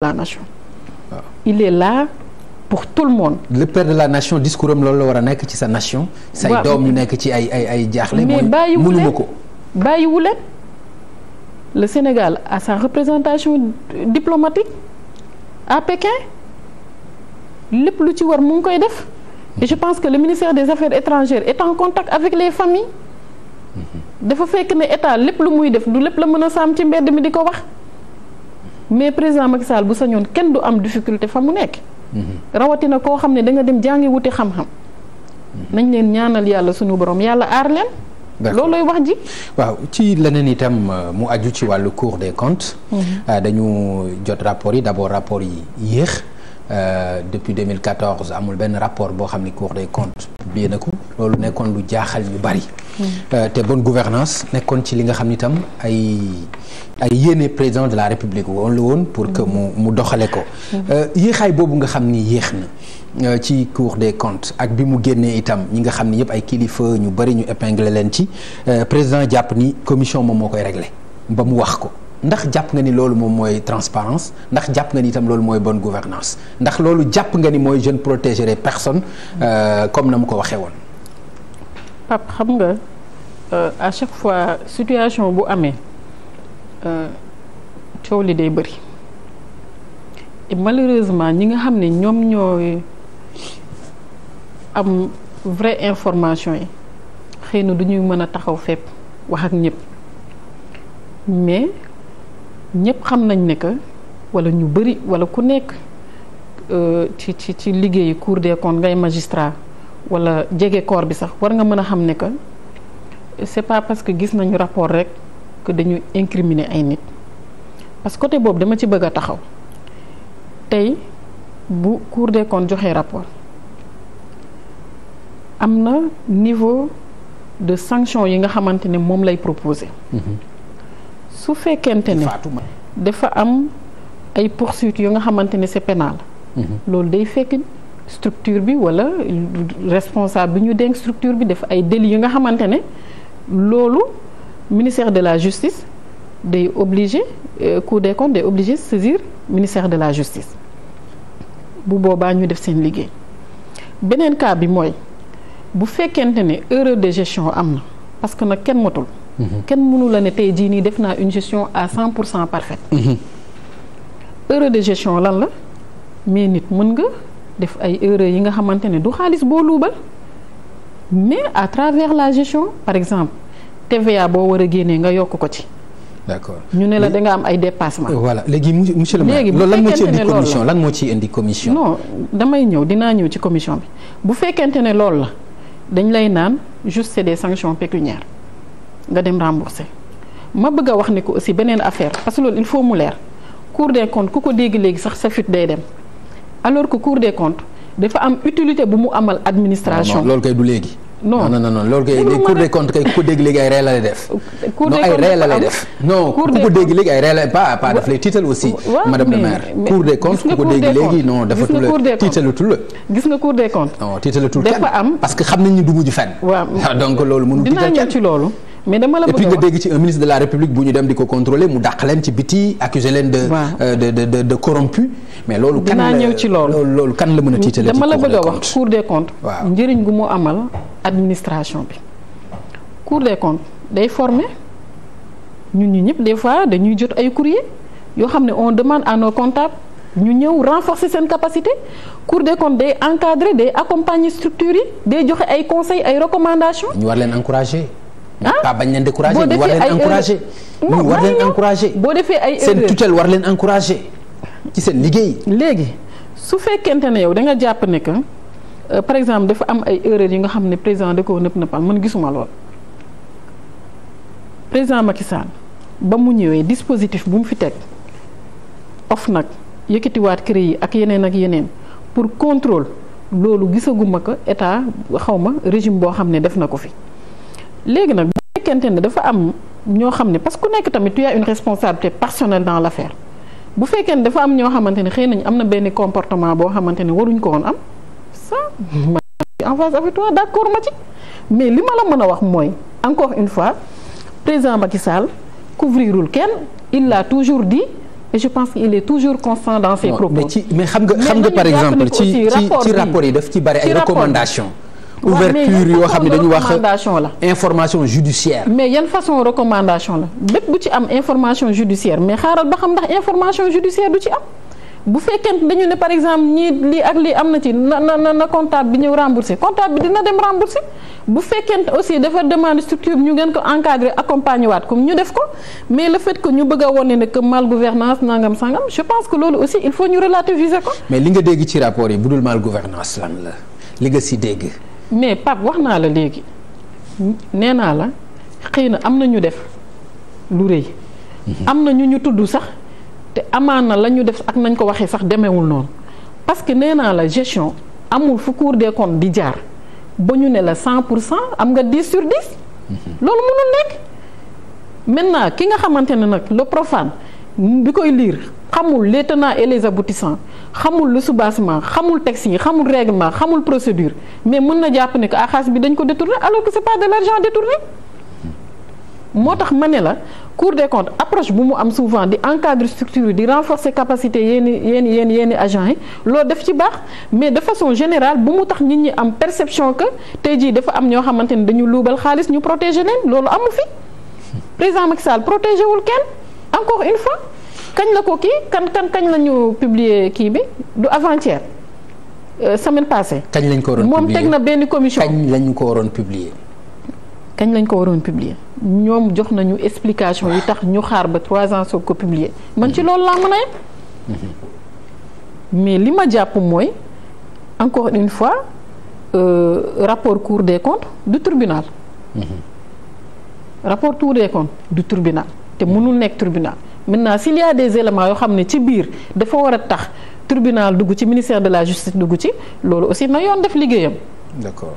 la nation. il est là pour tout le monde. le père de la nation discours am loolu la war a nekk ci sa nation. say doom yu nekk ci ay ay ay jaaxle. mais bàyyiwu leen ko bàyyiwu le Sénégal à sa représentation diplomatique à Pékin lépp lu ci war mu ngi koy def. et je pense que le ministère des affaires étrangères est en contact avec les familles. Mhm. dafa fekk ne état lépp lu muy def du lépp la mën a sàmm ci mbedd mi di ko wax. mais président Macky Sall bu ñoon kenn du am difficulté fa mu nekk. Mhm. rawatina koo xam ne da nga dem jàngi wuti xam-xam. Mhm. nañ leen ñaanal yàlla sunu borom yàlla aar leen. loolooy wax ji. waaw ci leneen itam euh, mu aju ci wàllu cour des comptes. Mhm. Euh, dañu jot rapport yi d'abord rapport yi yéex. Euh, depuis 2014 amul benn rapport boo xam ne cour des comptes publié na ko. loolu nekkoon lu jaaxal ñu bari. Hmm. Euh, te bonne gouvernance nekkoon ci li nga xam ni itam ay ay yéene président de la république woon la woon pour que mu mu doxale ko hmm. euh, yéexaay boobu nga xam ni yéex na euh, ci cour des comptes ak bi mu génnee itam ñi nga xam ni yëpp ay kilifa ñu bari ñu épinglé leen ci président jàpp ni commission moom moo koy réglé ba mu wax ko ndax jàpp nga ni loolu moom mooy transparence ndax jàpp nga ni itam loolu mooy bonne gouvernance ndax loolu jàpp nga ni mooy je ne protégerai personne hmm. comme na mu ko waxee woon Pape xam nga euh, à chaque fois situation bu amee euh, coow li day bëri et malheureusement ñi nga xam ne ñoom ñooy am vrai information yi xëy na du ñuy mën a taxaw fépp wax ak ñëpp mais ñëpp xam nañ ne que wala ñu bëri wala ku nekk euh, ci ci ci liggéey Cour des comptes ngay magistrat wala jege corps bi sax war nga mën a xam ne que c'est pas parce que gis nañu rapport rek que dañu incriminer ay nit parce que côté boobu dama ci bëgg a taxaw tey bu Cour de comptes joxee rapport am na niveau de sanction yi nga xamante ne moom lay proposer mhm. su fekkente ne dafa am ay poursuites yu nga xamante ne c'est mhm. loolu day fekk structure bi wala responsable bi ñu dénk structure bi def ay délits yu nga xamante ne loolu ministère de la justice day obligé euh, cour des comptes day obligé saisir ministère de la justice bu boobaa ñu def seen liggéey beneen cas bi mooy bu fekkente ne erreur de gestion am na parce que nag kenn matul mhm. kenn mënula ne tey jii nii def naa une gestion à cent pour cent parfaite mhm. erreur de gestion lan la mais nit mën nga def ay erreurs yi nga xamante ne du xaalis boo luubal mais à travers la gestion par exemple TVA boo war a génnee nga yokk ko ci. d'accord ñu ne la da nga am ay dépassement. voilà léegi monsieur le maire léegi lan moo ci indi lan moo ci indi commission. non damay ñëw dinaa ñëw ci commission bi bu fekkente ne loolu la dañ lay naan juste c'est des sanctions pécuniaires nga dem rembourser ma bëgg a wax ni ko aussi beneen affaire parce que loolu il faut mu leer Cour des ku ko dégg léegi sax sa fit day dem. alors que cour de comptes dafa am utilité bu mu amal administration. loolu kay du léegi. non non non non loolu kay cour de comptes kay ku ko dégg léegi ay ree def. cour ay ree ko dégg léegi ay ree la pas pas daf lay tiital aussi. madame la maire cour des comptes ku ko dégg léegi no dafa tul la tiitalatul la. gis nga cour des comptes. non tiitalatul kenn dafa am parce que xam nañ ni du mujj fenn. waaw donc loolu mënul tiital kenn ci loolu. mais dama la bëgg a wax dégg ci un de la république bu ñu dem di ko contrôler mu dàq leen ci biti accuser leen de. waaw euh, de de corrompu. mais loolu kan la dinaa ñëw ci loolu loolu kan mën a tiitalee. dama la bëgg a wax cour des comptes. waaw njëriñ gu mu amal administration bi. cour des comptes day former ñun ñu ñëpp des fois dañuy jot ay courrier yoo xam ne on demande en nos comptables ñu ñëw renforcer seen capacité cour de comptes day encadrer day accompagner structures yi day joxe ay conseils ay recommandation ñu war leen ah bañ leen découragé. boo defee ay encouragé ñu war leen encouragé. boo defee ay erreur seen tutelle war leen encouragé ci seen liggéey. léegi su fekkente ne yow danga jàpp ne que euh, par exemple dafa am ay erreurs yi nga xam ne président da koo nëpp nëppal man gisuma lool président Macky ba mu ñëwee dispositif bu mu fi teg of nag yëkkatiwaat créé yi ak yeneen ak yeneen pour contrôle loolu gisaguma ko état xawma ma régime boo xam ne def na ko fi. léegi nag bu fekkente ne dafa am ñoo xam ne parce que ku nekk tamit tu as une responsabilité personnelle dans l'affaire bu fekkee ne dafa am ñoo xamante ne xëy nañ am na benn comportement boo xamante ne waruñ ko woon am ça ma en face avec toi d'accord ma ci mais li ma la mën a wax mooy encore une fois président Macky Sall couvrirul kenn il l'a toujours di et je pense qu'il est toujours constant dans ses propos. mais xam nga xam nga par exemple ci ci rapport yi daf ci bari ay recommandations. ouverture yoo xam ne dañu wax information judiciaire mais yan façon recommandation la bépp bu ci am information judiciaire mais xaaral ba xam ndax information judiciaire du ci am bu fekkente dañu ne par exemple ñii li ak lii am na ci na na na comptable bi ñëw remboursé comptable bi dina dem remboursé bu fekkente aussi dafa demande structure ñu ngeen ko encadrer accompagner waat comme ñu def ko mais le fait que ñu bëgg a ne que mal gouvernance nangam sangam je pense loolu aussi il faut ñu relativiser ko. mais li nga dégg ci rapport yi bu dul mal li nga si dégg. mais Pape wax naa la léegi nee naa la xëy na am na ñu def lu rëy. Mhm. am na ñu ñu tudd sax te amaana la ñu def ak nañ ko waxee sax demewul noonu parce que nee naa la gestion amul fu Cour des comptes di jaar ba ñu ne la cent pour cent am nga 10 sur 10. Mhm. loolu mënul nekk maintenant ki nga xamante ne nag la profane bi koy liir xamul les tenants et les aboutissants xamul le soubassement xamul texte yi xamul règlement xamul procédure mais mën na jàpp ne que xaalis bi dañ ko détourné alors que c'est pas de l'argent détourné moo tax ma ne la Cour des comptes approche bu mu am souvent di encadre structure di renforcer capacité yenni yenni yenni yenni agents yi loolu def ci baax mais de façon générale bu mu tax nit ñi am perception que tey jii dafa am ñoo xamante ni dañu luubal xaalis ñu protéger leen loolu amu fi président Macky protégé wul kañ la ko kii kan kan kañ la ñu publier kii bi du avant-hier euh, semaine passée. kañ lañ ko waroon publier moom teg na benn commission. kañ lañ ko waroon publier. kañ lañ ko waroon publier ñoom jox nañu explication yi tax ñu xaar ba trois ans soog ko publier man ci loolu laa mën a yem. Mhm. mais li ma jàpp mooy encore une fois euh, rapport Cour des comptes du tribunal. Mhm. rapport Cour des comptes du tribunal te mhm. mënul nekk tribunal. maintenant s'il y a des éléments yoo xam ne ci biir dafa war a tax tribunal dugg ci ministère de la justice dugg ci loolu aussi na yoon def liggéeyam. d'accord.